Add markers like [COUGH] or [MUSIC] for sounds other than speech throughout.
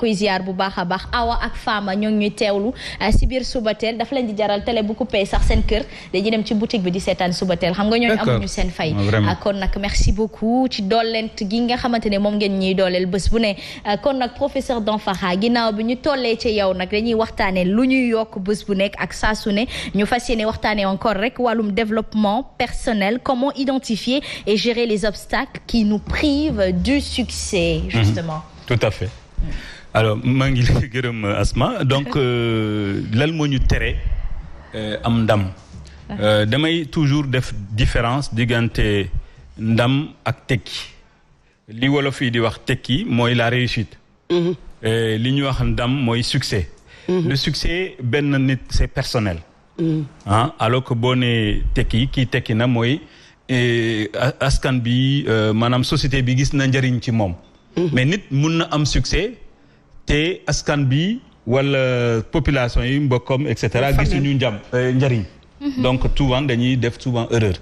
koy ziar bu baax a baax awa ak faama ñoo ngi teew lu eh, si biir subateel daf leen di jaral tele bu coupé sax seen kër dañuy dem ci boutique bi di seetaan subateel xam nga ñooñu amuñu seen fay eh, kon nag merci beaucoup ci doolent gi nga xamante ne moom ngeen ñuy dooleel bés bu ne eh, kon nag professeur Danfara ginnaaw bi ñu tollee ci yow nag dañuy waxtaane lu ñuy yokk bës bu nekk ak saa su ne ñu fas yéene waxtaane encore rek wàllum développement personnel comment identifier et gérer les obstacles qui nous privent du succès mhm. justement mmh. alors maa ngi lay [LAUGHS] gërëm euh, Asma donc euh, lan moo ñu tere euh, am ndam damay toujours def différence diggante ndam ak tekki li wolof yi di wax tekki mooy la réussite mhm. li ñu wax ndam mooy succès mhm. le succès benn nit c'est personnel ah alors que boo nee tekki kii tekki na mooy askan bi maanaam société bi gis na njëriñ ci moom mais nit mun na am succès te askan bi wala population yi mbokkam et cetera gisuñu njam euh, njariñ mhm. donc souvent dañuy def souvent erreur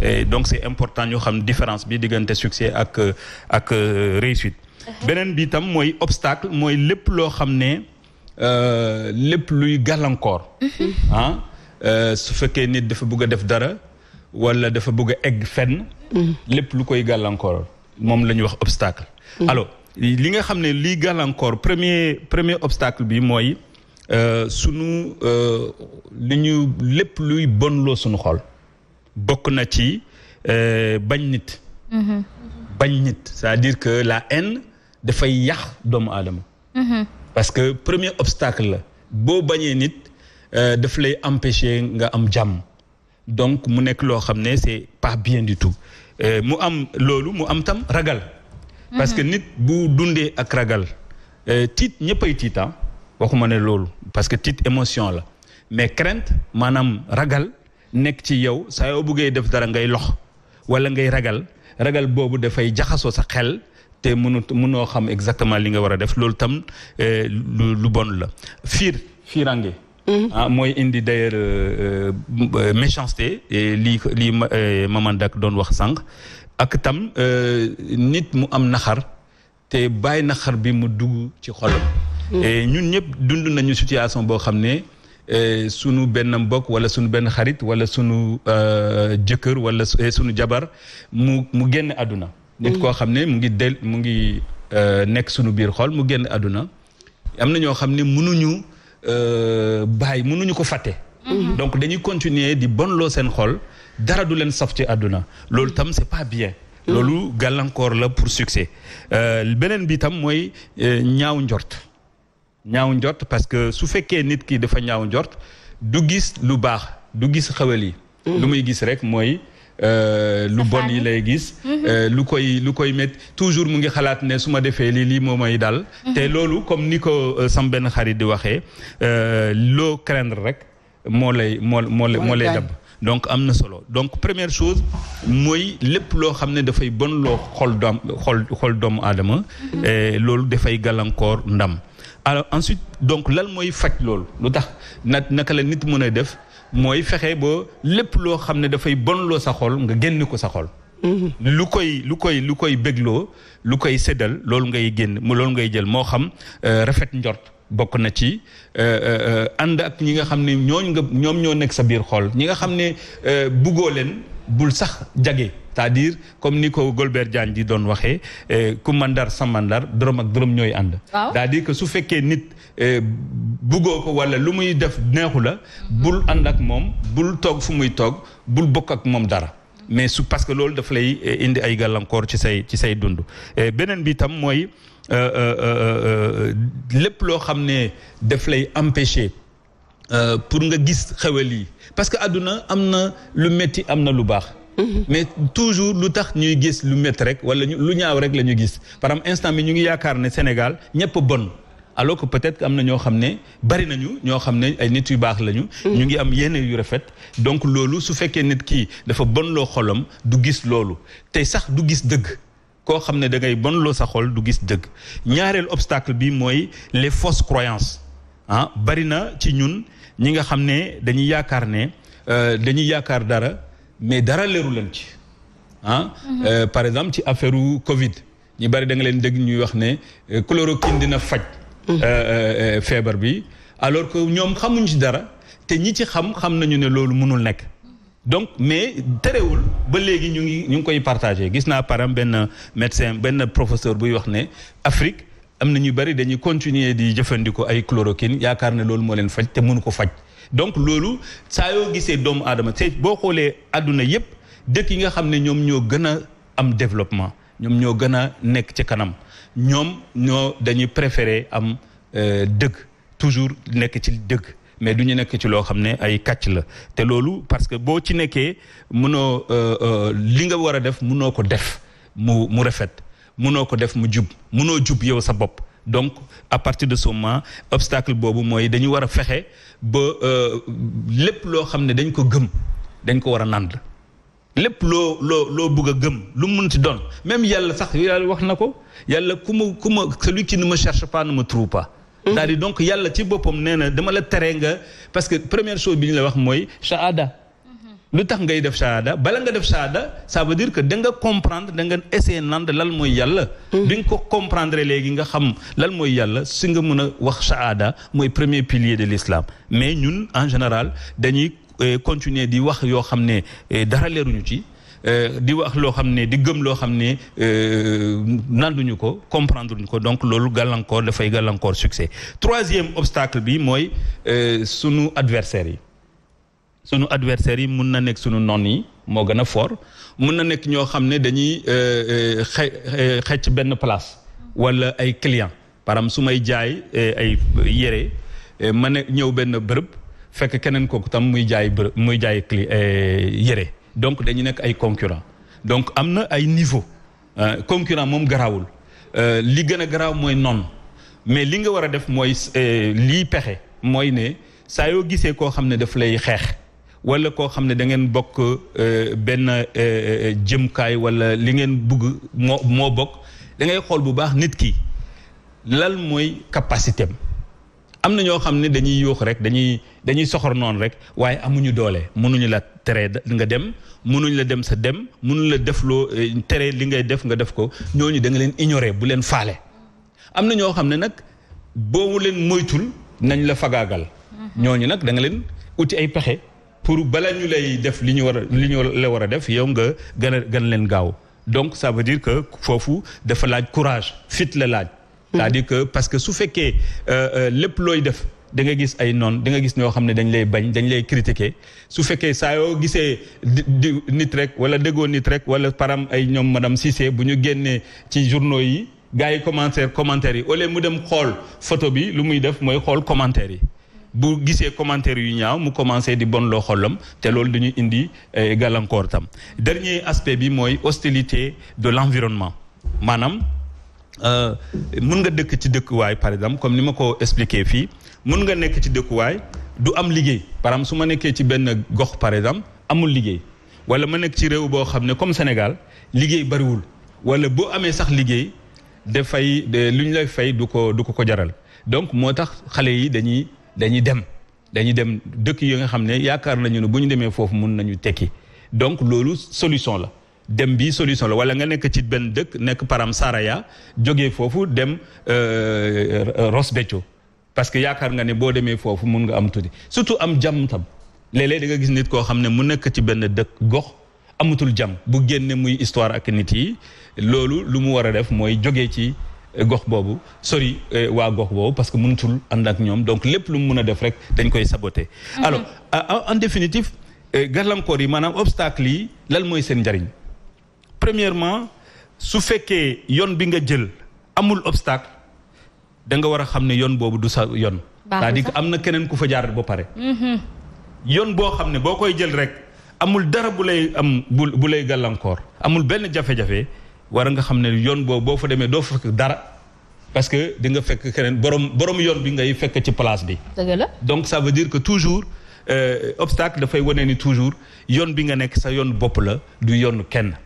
et donc c'est important ñu xam différence bi diggante succès ak ak euh, réussite mhm. beneen bi itam mooy obstacle mooy lépp loo xam ne euh, lépp luy gàllankoor mhm. ah su fekkee nit dafa bëgg def dara wala dafa bëgg egg fenn lépp lu koy gàllankoor moom la ñuy wax obstacle li nga xam ne liy gàllankoor premier premier obstacle bi mooy euh, sunu euh, li ñu lépp luy bonloo suñu xool bokk na ci euh, bañ nit mm-hmm. bañ nit c'est-à-dire que la haine dafay yàq doomu aadama mm-hmm. parce que premier obstacle la boo bañee nit daf lay empêcher nga am jàmm donc mu nekk loo xam ne c'est pas bien du tout mu am loolu mu am tam ragal parce que mhm. nit bu dundee ak ragal euh, tiit ñëppay tiit ah waxuma ne loolu parce que tiit émotion la mais crainte maanaam ragal nekk ci yow saa yow buggee def dara ngay lox wala ngay ragal ragal boobu dafay jaxasoo sa xel te mënut mënoo xam exactement li nga war a def loolu tam euh, lu bon la fiir fiirange Mm-hmm. ah mooy indi d'ailleurs euh, euh, méchanceté lii lii euh, maman Dak doon wax sànq ak tam nit mu am naxar te bàyyi naxar bi mu dugg ci xolam. Mm-hmm. et ñun ñëpp dund nañu situation boo xam ne sunu benn mbokk wala sunu benn xarit wala sunu jëkkër wala sunu jabar mu mu génn àdduna. Mm-hmm. nit koo xam ne mu ngi del mu ngi nekk sunu biir xol mu génn àdduna am na ñoo xam ne mënuñu. Euh, bàyyi mënuñu ko fàtte. Mhm. donc dañuy continuer di bonloo seen xol dara du leen saf ci àdduna loolu tam c'est pas bien. Mhm. loolu gàllankoor la pour succès euh, beneen bi tam mooy euh, ñaaw njort ñaaw njort parce que su fekkee nit ki dafa ñaaw njort du gis lu baax du gis xewal yi. Mhm. lu muy gis rek mooy. Euh, lu bon yi lay gis mhm. euh, lu koy lu koy métti toujours mu ngi xalaat ne su ma defee lii lii moo may daal mhm. te loolu comme ni ko euh, sam benn xarit di waxee loo craindre rek moo lay moo moo moo lay dab donc am na solo donc première chose mooy lépp loo xam ne dafay bon loo xol doom xol xol doomu aadama mhm. loolu dafay gàllankoor ndam alors ensuite donc lan mooy faj loolu lu tax na naka la nit mën a def mooy fexe ba lépp loo xam ne dafay bonloo sa xol nga génn ko sa xol. Mhm. lu koy lu koy lu koy bégloo lu koy seddal loolu ngay génn mu loolu ngay jël moo xam euh, rafet njort bokk na ci euh, euh, ànd ak ñi nga xam ne ñooñ nga ñoom ñoo nekk sa biir xol ñi nga xam ne buggoo leen. bul sax jage cest à comme ni ko Golbert Diagne ji doon waxee eh, ku mandar sa mandar dorom ak dërëm ñooy ànd c'est-à-dire que su fekkee nit eh, buggoo ko wala lu muy def neexu la bul ànd ak moom bul toog fu muy toog bul bokk ak moom dara mais su parce que loolu daf lay eh, indi ay gàllankoor ci say ci say dund beneen bi itam mooy euh, euh, euh, lépp loo xam ne daf lay empêcher Euh, pour nga gis xewal yi parce que àdduna am na lu metti am na lu baax mhm. mais toujours lu tax ñuy gis lu métti rek wala lu ñaaw rek la ñu gis par exemple instant bi ñu ngi yaakaar ne Sénégal ñëpp bon alors que peut-être am na ñoo xam ne bari nañu ñoo xam ne ay nit yu baax lañu. Mhm. ñu ngi am yenn yu rafet. donc loolu su fekkee nit ki dafa bon loo xolam du gis loolu tey sax du gis dëgg koo xam ne da ngay bon loo sa xol du gis dëgg ñaareel obstacle bi mooy les fausses croyances ah bari na ñi nga xam ne dañuy yaakaar ne euh, dañuy yaakaar dara mais dara leeru leen ci ah. Mhm. Euh, par exemple ci affaire Covid ñi bari da nga leen dégg ñuy wax ne euh, chloroquine dina faj. Mhm. feebar bi alors que ñoom xamuñ ci dara te ñi ci xam xam nañu ne loolu mënul nekk. donc mais terewul ba léegi ñu ngi ñu ngi koy partagé gis naa param benn médecin benn professeur buy wax ne Afrique. am na ñu bari dañuy continuer di jëfandikoo ay chloroquine yaakaar ne loolu moo leen faj te mënu ko faj donc loolu saa yoo gisee doomu aadama te boo xoolee àdduna yépp dëkk yi nga xam ne ñoom ñoo gën a am développement ñoom ñoo gën a nekk ci kanam ñoom ñoo dañuy préférer am euh, dëgg toujours nekk ci dëgg mais du ñu nekk ci loo xam ne ay kàcc la te loolu parce que boo ci nekkee mënoo euh, euh, li nga war a def mënoo ko def mu mu rafet mënoo ko def mu jub mënoo jub yow sa bopp donc à partir de ce moment obstacle boobu mooy dañu war a fexe ba euh, lépp loo xam ne dañ ko gëm dañ ko war a nànd lépp loo loo loo bëgg a gëm lu mun ti doon même yàlla sax yàlla wax na ko yàlla ku ma ku ma celui qui ne me cherche pas ne me trouve pas. Mm-hmm. cest donc yàlla ci boppam nee na dama la tere nga parce que première chose bi ñu la wax mooy shahada. lu tax ngay def saada bala nga def saada ça veut dire que da nga comprendre danga nga nand lan mooy yàlla. Hmm. bi nga ko comprendre léegi nga xam lan mooy yàlla si nga mun a wax saada mooy premier pilier de l'islam mais ñun en général dañuy eh, continuer di wax yoo xam ne eh, dara leeruñu ci. Eh, di wax loo xam ne di gëm loo xam ne nanduñu ko comprendre ñu ko donc loolu gàllankoor dafay gàllankoor succès troisième obstacle bi mooy sunu adversaire yi. sunu adversaires yi mun na nekk sunu noon yi moo gën a fort mun na nekk ñoo xam ne dañuy euh, euh, euh, xecc benn place wala ay client param su may jaay ay yére ma ne ñëw benn bërëb fekk keneen kooku tam muy jaay bërëb muy jaay cli yére donc dañu nekk ay concurrent donc am na ay niveau concurrent moom garaawul li gën a garaaw mooy noonu mais li nga war a def mooy lii pexe mooy ne saa yoo gisee koo xam ne daf lay xeex wala koo xam ne da ngeen bokk euh, benn euh, euh, jëmkaay wala li ngeen bugg moo moo bokk da ngay xool bu baax nit ki lan mooy capacité am na ñoo xam ne dañuy yuux rek dañuy dañuy soxor noonu rek waaye amuñu doole mënuñu la tere nga dem mënuñ la dem sa dem mënuñ la def loo tere li ngay def nga def ko ñooñu danga leen ignorer bu leen faale am na ñoo xam ne nag boobu leen moytul nañ la fagaagal mm-hmm. ñooñu nag da leen uti ay pexe pour bala ñu lay def li ñu war li ñu la war a def yow nga gën gën leen gaaw donc ça veut que foofu dafa laaj courage fit la laaj c'est-à-dire que parce que su fekkee euh, euh, lépp looy def da nga gis ay noon da nga gis ñoo xam ne dañ lay bañ dañ lay critiquer su fekkee saa yoo gisee di nit rek wala déggoo nit rek wala param ay ñoom madame Cissé bu ñu génnee ci journaux yi gars yi commentaire commentaires yi au lieu mu dem xool photo bi lu muy def mooy xool commentaires yi bu gisee commentaire yu ñaaw mu commencé di bon loo xolam te loolu dañuy indi eh, gàllankoor tam dernier aspect bi mooy hostilité de l'environnement maanaam euh, mun nga dëkk ci dëkkuwaay par exemple comme ni ma ko expliqué fii mun nga nekk ci dëkkuwaay du am liggéey par exemple su ma nekkee ci benn gox par exemple amul liggéey wala ma nekk ci réew boo xam ne comme Sénégal liggéey bariwul wala boo amee sax liggéey dafay lu ñu lay fay du ko du ko ko jaral donc dañuy dem dañuy dem dëkk yi nga xam ne yaakaar nañu ne bu ñu demee foofu mun nañu tekki donc loolu solution la dem bii solution la wala nga nekk ci benn dëkk nekk param saraya jógee foofu dem euh, Ross Béthio parce que yaakaar nga ne boo demee foofu mun nga am tuuti surtout am jàmm tam léeg-léeg nga gis nit koo xam ne mu nekk ci benn dëkk gox amatul jàmm bu génne muy histoire ak nit yi loolu lu mu war a def mooy jógee ci gox boobu sori eh, waa gox boobu parce que mun mënutul ànd ak ñoom donc lépp lu mu mën a def rek dañ koy saboter. Mhm. alors ah, ah, en définitive eh, gàllankoor yi maanaam obstacle yi lan mooy seen njariñ premièrement su fekkee yoon bi nga jël amul obstacle danga war a xam ne yoon boobu du sa yoon. cest di am na keneen ku fa jaar ba pare. Mhm. yoon boo xam ne boo koy jël rek amul dara bu lay am bu bu lay gàllankoor amul benn jafe-jafe. war nga xam ne yoon boobu boo fa demee doo fa fekk dara parce que di nga fekk keneen borom borom yoon bi ngay fekk ci place bi. la donc ça veut dire que toujours euh, obstacle dafay wane ni toujours yoon bi nga nekk sa yoon bopp la du yoon kenn.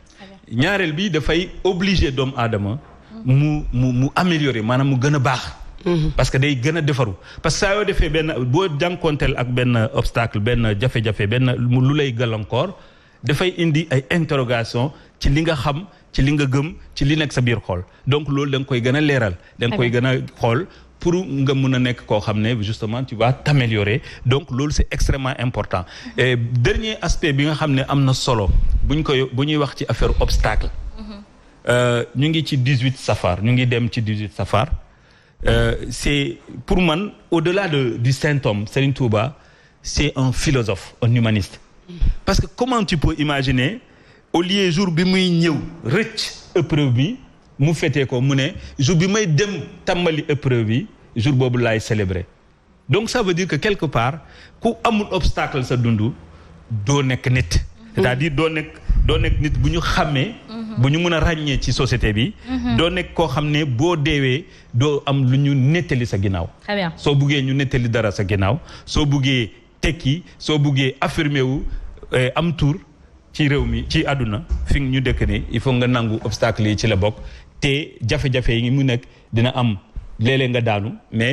ñaareel bi dafay obligé doomu aadama. mu mu mu améliorer maanaam mu gën a baax. Mhm. parce que day gën a defaru parce que saa yoo defee benn boo jànkonteel ak benn obstacle benn jafe-jafe benn lu lay gàllankoor. dafay indi ay interrogation ci li nga xam ci li nga gëm ci li nekk sa biir xool donc loolu da koy gën a leeral da koy gën a xool pour nga mën a nekk koo xam ne justement tu vas t'améliorer donc loolu c'est extrêmement important dernier aspect bi nga xam ne am na solo buñ koy bu ñuy wax ci affaire obstacle mm-hmm. euh, ñu ngi ci 18 safar ñu ngi dem ci 18 safar euh, c'est pour man au de du saint homme Serigne Touba c'est un philosophe un humaniste parce que comment tu peux au lieu jour bi muy ñëw rëcc épreuve bi mu fete ko mu ne jour bi may dem tàmbali épreuve bi jour boobu laay célébrer donc ça veut dire que quelque part ku amul obstacle sa dund doo nekk nit mm-hmm. cest à doo nekk doo nekk nit bu ñu xàmmee mm-hmm. bu ñu mën a ràññee ci société bi mm-hmm. doo nekk koo xam ne boo deewee doo am lu ñu nettali sa ginnaaw soo buggee ñu nettali dara sa ginnaaw soo buggee tekki soo buggee affirmer Eh, am tour ci réew mi ci àdduna fi ñu dëkk il faut nga nangu obstacle yi ci la bokk te jafe-jafe yi mu nekk dina am léeg nga daanu mais